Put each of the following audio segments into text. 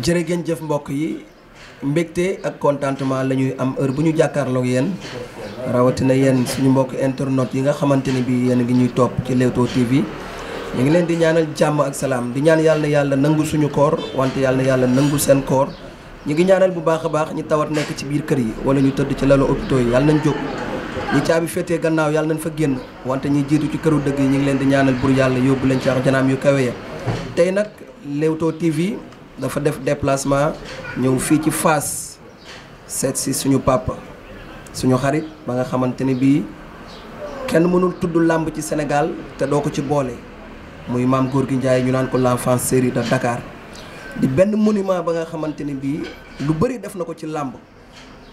jërë ngeen jëf mbokk yi mbégte ak contentement la ñuy am heure bu ñu jàkkaarloog yéen rawatina yéen suñu mbokk internet yi nga xamante ni bi yéen ngi ñuy topp ci Leewtoo TV ñu ngi leen di ñaanal jàmm ak salaam di ñaan yàlla yàlla nangu suñu koor wante yàlla yàlla nangu seen koor ñu ngi ñaanal bu baax a baax ñu tawat nekk ci biir kër yi wala ñu tëdd ci lalu hôpitaux yi yàlla nañ jóg ñi caabi féetee gannaaw yàlla nañ fa génn wante ñi jiitu ci këru dëgg yi ñu ngi leen di ñaanal pour yàlla yóbbu leen ci ax janaam yu kawe ya dafa def déplacement ñëw fii ci Fass seet si suñu papa suñu xarit ba nga xamante ni bii kenn mënul tudd làmb ci Sénégal te doo ko ci boole muy maam góor gi Ndiaye ñu naan ko l'enfance chérie de Dakar di benn monument ba nga xamante ni bii lu bari def na ko ci làmb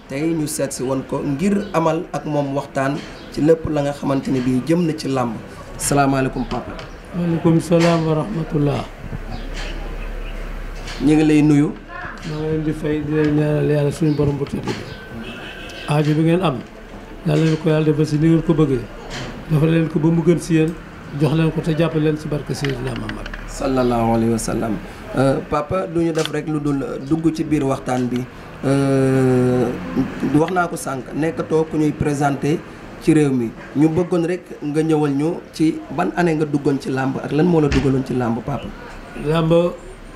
tey ñu seet si ko ngir amal ak moom waxtaan ci lépp la nga xamante ni bii jëm na ci làmb salaamaaleykum papa. maaleykum salaam wa rahmatullah ñu ngi lay nuyu. moo ngi fay di leen yàlla suñu borom bu tëdd aajo bi ngeen am yàlla leen ko yàlla defal si ni ngeen ko bëggee dafa leen ko ba mu gën si yéen jox leen ko te jàppale leen si barke Seydina Muhammad. sallallahu alayhi wa sallam euh, papa du ñu def rek lu dul euh, dugg ci biir waxtaan bi euh, wax naa ko sànq nekkatoo ku ñuy présenté ci réew mi ñu bëggoon rek nga ñëwal ñu ci ban année nga duggoon ci làmb ak lan moo la duggaloon ci làmb papa.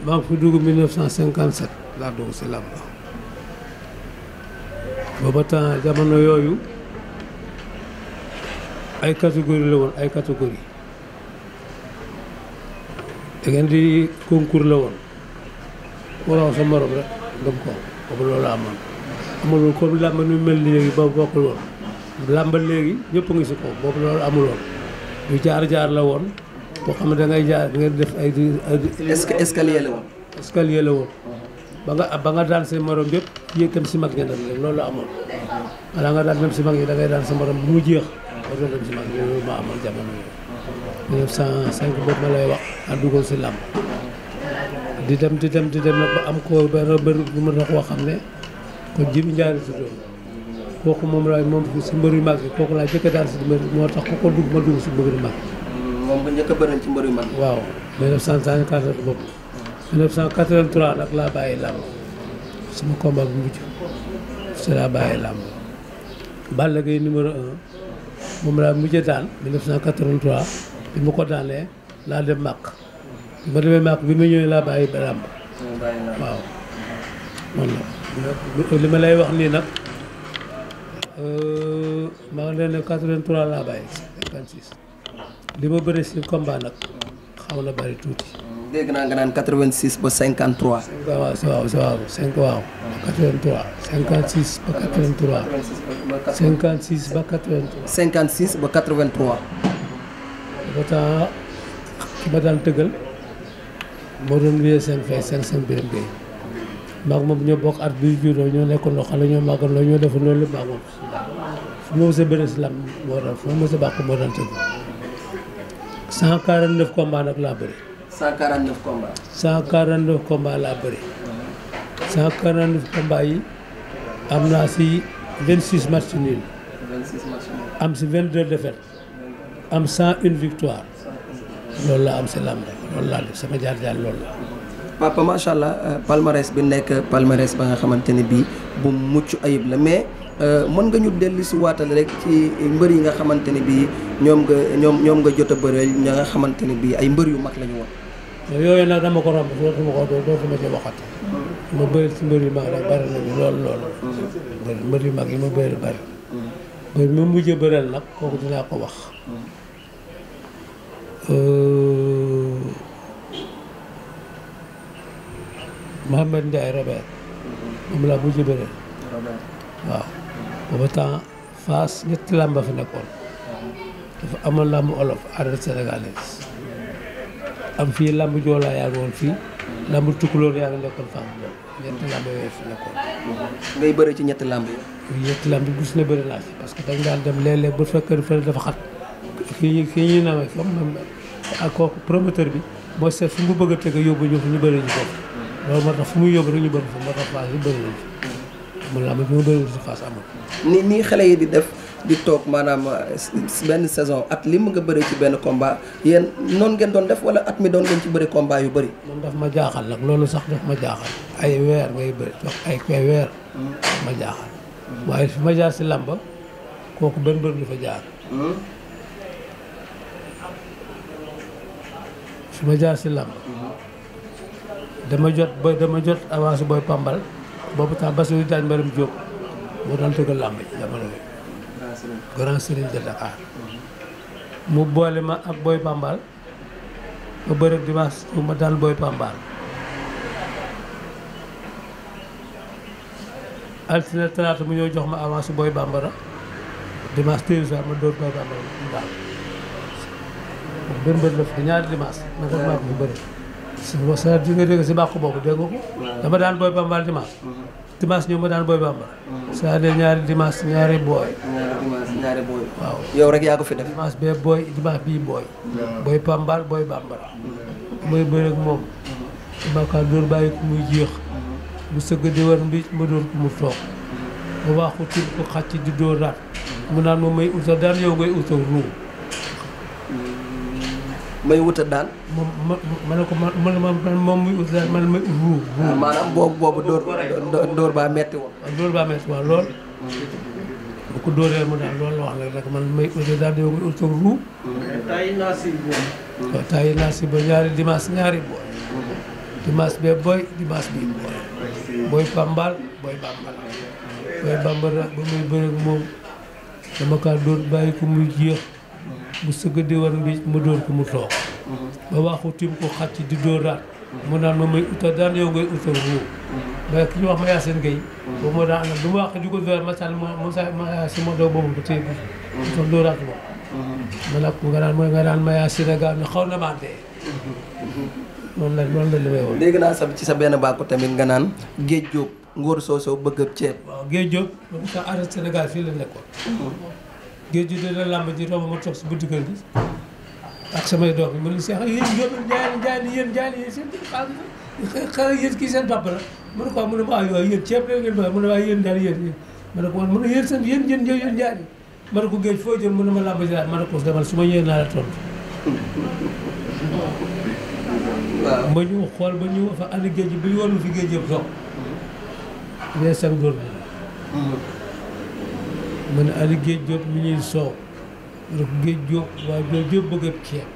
maa ngi fi dugg 1957 laa dugg si làmb booba temps jamono yooyu ay catégorie la woon ay catégorie da ngeen di concours la woon ku raw sa morom rek dem ko boobu loolu amoon amulul comme làmb nu mel léegi ba bokkul woon làmb léegi ñëpp ngi si kaw boobu loolu amuloon du jaar-jaar la woon boo xam ne da ngay jaar ngeen def ay. escalier la woon. escalier la woon. ba nga ba nga daan sa morom yëpp yéeg tam si mag ña dem rek loolu la amoon. balaa nga daan dem si mag yi da ngay daan sa morom bu mu jeex. war nga dem si mag yooyu ma amoon jamono yooyu. 1905 boobu ma lay wax a duggoon si làmb. di dem di dem di dem nag ba am ko benn benn bu ma doon koo xam ne ko Jibi Ndiaye la tuddoon kooku moom laay moom si mbër yu mag yi kooku laa jëkk daan si mbër moo tax ku ko dugg ma dugg si mbër yu mag yi moom nga njëkk a bëral ci mbër yu mag waaw 1954 la ko bokk 1983 nag laa bàyyi làmb sama combat bu mujj si laa bàyyi làmb Balla Gaye numéro 1 moom laa mujjee daan 1983 bi ma ko daanee laa dem màkk bi ma demee màkk bi ma ñëwee laa bàyyi làmb waaw man la li ma lay wax nii nag euh, maa ngi leen ne 83 laa bàyyi 56 li ma bëri si combat nag xaw na bëri tuuti. naa nga naan 86 ba 53. waaw waaw waaw 5 waaw. 83 56 ba 83. 56 ba ba ba temps ki daan tëggal moo doon wiyee seen fay seen seen biram bi maag moom ñoo bokk at bi juróom ñoo nekkoon loo xam ne ñoo màggoon loo ñoo defoon loolu la maag moom fu ma mos a bëri si lam moo daan fu ma mos a moo daan tëgg. 149 combats nag laa bëri. 149 combats. 149 combats yi am naa si 26 matchs nul. 26 matchs nul. am si 22 défaites. am 101 victoire. loolu la am si lamb rek laa def sama jaar-jaar loolu la. papa macha allah palmarès bi nekk palmarès ba nga xamante ni bii bu mucc ayib la mais. Euh, mën nga ñu dellu si waatal rek ci mbër yi nga xamante ne bii ñoom nga ñoom ñoom nga jot a bëreel ña nga xamante ne bii ay mbër yu mag la ñu woon. yooyu nag dama ko romb dootuma ko dootuma ma yu ma bëri bari. mbër mi mujj a bëreel nag dinaa ko wax. Euh, Mouhamed Ndiaye Robert. moom laa mujj bëreel. waaw. booba temps Fass ñetti làmba fi nekkoon dafa amoon làmb olof aada sénégalaise am fii làmb joolaa yaa ngi woon fii làmb tukkuloor yaa ngi nekkoon Fass ñetti ngay bëri ci ñetti làmb yi. ñetti làmb yi gis na bëri naa ci parce que dañ daan dem léeg-léeg bu fekk fële dafa xat fii fii ñu nawee ak kooku promoteur bi moo seet fu mu bëgg a teg yóbbu ñu fi ñu bëri ñu ko loolu moo tax fu muy yóbbu rek ñu fa moo tax Fass yi bëri nañu man làmb bi ma doon si face amul. ni nii xale yi di def di toog maanaam benn saison at lii mu nga bëri ci benn combat yéen noonu ngeen doon def wala at mi doon ngeen ci bëri kombaa yu bëri. man daf ma jaaxal nag loolu sax daf ma jaaxal ay weer ngay bëri ay kay weer. daf ma jaaxal. Hmm. waaye fi ma jaar si làmba kooku benn bërëb du hmm. jaar. si làmba. Hmm. dama jot ba dama jot avance booy Pambal. boobu temps Bassirou Diagne Maram Diop moo daan tëggal làmb ji jamono bi grand serigne de Dakar mu boole ma ak Boy Pambal ma bëre dimanche ma daan Boy Pambal altine talaata mu ñëw jox ma avance booy Bambara dimanche tey soir ma dóor Boy Bambara mbër mbër la ñaari dimanche ma ko maa ko bëri si wasaare ji nga dégg si bàq boobu dégg nga ko. dama daan booy bambal mm-hmm. dimanche. dimanche ñoom ma daan booy bambal. Mm-hmm. c'est-à-dire ñaari dimanche ñaari booy. ñaari dimanche ñaari booy. waaw yow rek yaa ko fi def. dimanche bee booy dimanche booy. booy booy bambal. mooy mm-hmm. bëri ak moom. Bakar dóor bàyyi ko muy jeex. mu sëgg di mbi ma dóor ko mu toog. mu waaxu tur ko xàcc di dóor daal. mu naan moom may utal daal yow ngay utal ruu. may wut a daan. moom ma ne ko man man moom muy ut daan man may ut wuu. Ah, maanaam boobu boobu metti woon. Ah, lool. bu ko dóoree mu daal loolu la wax nag rek man may ut daan dama koy ut sa ruu. taay naa si bool. waaw taay naa si ba ñaari dimanche ñaari bool. dimanche bee booy dimanche bii booy. booy Pambal booy Bambal. booy Bambal ba muy bëreeg moom dama kaa dóor bàyyi ko muy jeex. bu sëgg di war mbi ma dóor ko mu toog ba waxu tim ko xàcc di dóoraat mu naan ma may uta daan yow ngay uta ruur du ma wax di ko dóor ma moo daw boobu ba tey bi nag nga naan ma Yacine gaa ne xaw na maa dee noonu la noonu léegi naa sa ci sa benn bàkku tamit nga naan géej jóob ngóor soo soo bëgg ab ceeb waaw géej jóob moom sax arrêté Sénégal fii la nekkoon géej ju dee la làmb ji romb ma toog si buntu kër gi ak samay doom yi mu ne seex yéen yóbbu jaay jaay ni yéen jaay ni yéen seen xaaral yéen kii seen papa la mu ne ko mu ne ma waaye yéen ceeb la ngeen bëgg mu ne waaye yéen daal yéen yéen ma ne ko man mu ne yéen seen yéen yéen yéen jaay ni ma ne ko géej foo jëm mu ne ma làmb ji laa ma ne ko demal su ma ñëwee naa la tontu waaw ma ñu xool ba ñu fa ànd géej bi ñu woon fi géej yëpp toog. mais mm-hmm. seen góor bi ma ne Aliou Géej Diop mi ñuy soow ma ne ko Géej Diop waa Géej Diop bëgg ab ceeb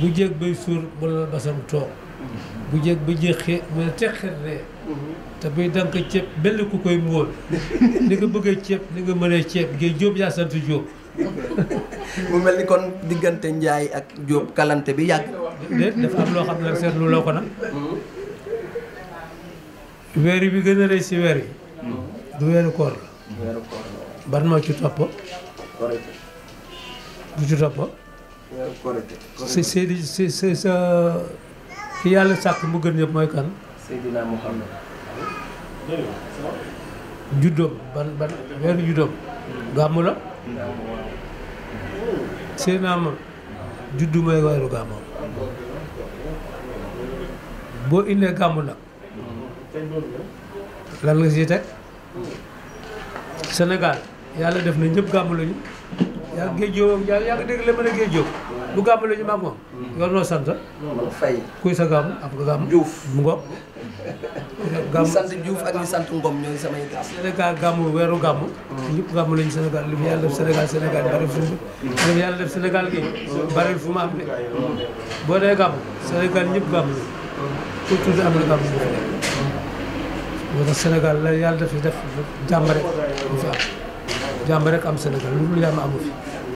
bu jeeg bay suur ba loolu basam toog mhm. bu jeeg ba jeexee mu ne teqet ree mhm. te buy dànk ceeb benn ku koy móol ni nga bëggee ceeb ni nga mënee ceeb Géej Diop yaa sant mu mel ni kon diggante Njaay ak Diop kalante bi yàgg déet dafa am loo xam ne nag seetlu loo ko nag mhm. weer bi gën a rëy si weer yi du weeru koor la ban moo ci topp. korite. bu ci topp. si si si si sa ki yàlla sàkk mu gën ñëpp mooy kan. juddoom ban ban weeru juddoom. gàmmu la. Seydina ma juddu mooy weeru gàmmu. boo lan nga siy teg Sénégal. yàlla def na ñëpp gàmmaluñu yaa ngi géejoo yaa ngi dégg mën a géejoo bu gàmmaluñu maag moom yor noo sant fay kuy sa gàmm am sant Diouf ak ñi weeru gàmm ñëpp gàmm lañu Sénégal li mu yàlla def Sénégal boo dee gàmm Sénégal ñëpp gàmm lañu na gàmm moo tax Sénégal la yàlla def def jàmm jàmm rek am Sénégal lu dul yàlla amu fi